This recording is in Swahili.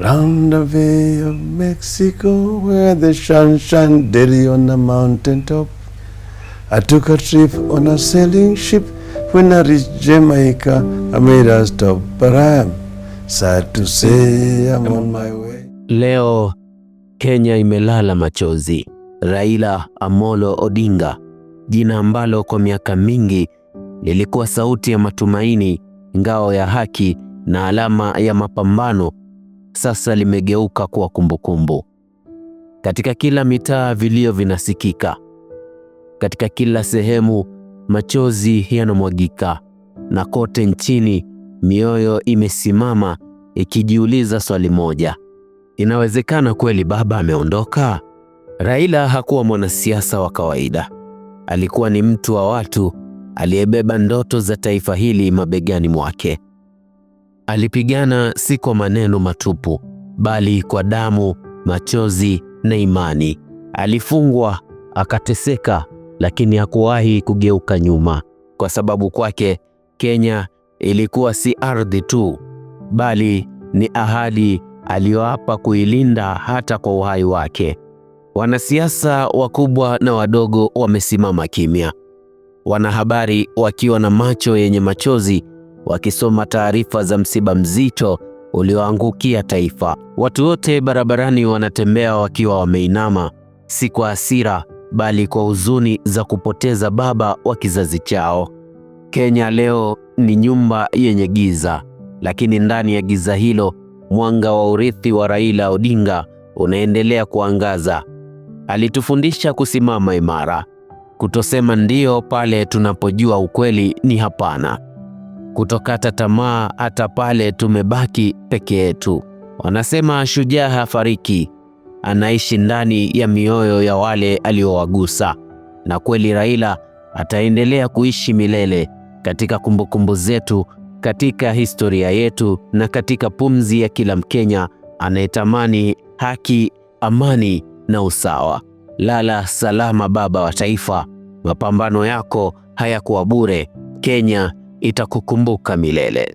Round the way of Mexico, where the sun shone daily on the mountain top. I took a trip on a sailing ship. When I reached Jamaica, I made a stop, but I am sad to say I'm on my way. Leo Kenya imelala machozi. Raila Amolo Odinga, jina ambalo kwa miaka mingi lilikuwa sauti ya matumaini, ngao ya haki na alama ya mapambano sasa limegeuka kuwa kumbukumbu. Katika kila mitaa vilio vinasikika, katika kila sehemu machozi yanamwagika, na kote nchini mioyo imesimama ikijiuliza swali moja: inawezekana kweli baba ameondoka? Raila hakuwa mwanasiasa wa kawaida. Alikuwa ni mtu wa watu aliyebeba ndoto za taifa hili mabegani mwake. Alipigana si kwa maneno matupu, bali kwa damu, machozi na imani. Alifungwa, akateseka, lakini hakuwahi kugeuka nyuma, kwa sababu kwake Kenya ilikuwa si ardhi tu, bali ni ahadi aliyoapa kuilinda hata kwa uhai wake. Wanasiasa wakubwa na wadogo wamesimama kimya, wanahabari wakiwa na macho yenye machozi wakisoma taarifa za msiba mzito ulioangukia taifa. Watu wote barabarani wanatembea wakiwa wameinama, si kwa hasira, bali kwa huzuni za kupoteza baba wa kizazi chao. Kenya leo ni nyumba yenye giza, lakini ndani ya giza hilo mwanga wa urithi wa Raila Odinga unaendelea kuangaza. Alitufundisha kusimama imara, kutosema ndio pale tunapojua ukweli ni hapana kutokata tamaa hata pale tumebaki peke yetu. Wanasema shujaa hafariki, anaishi ndani ya mioyo ya wale aliowagusa. Na kweli Raila ataendelea kuishi milele katika kumbukumbu zetu, katika historia yetu, na katika pumzi ya kila Mkenya anayetamani haki, amani na usawa. Lala salama, baba wa taifa. Mapambano yako hayakuwa bure. Kenya itakukumbuka milele.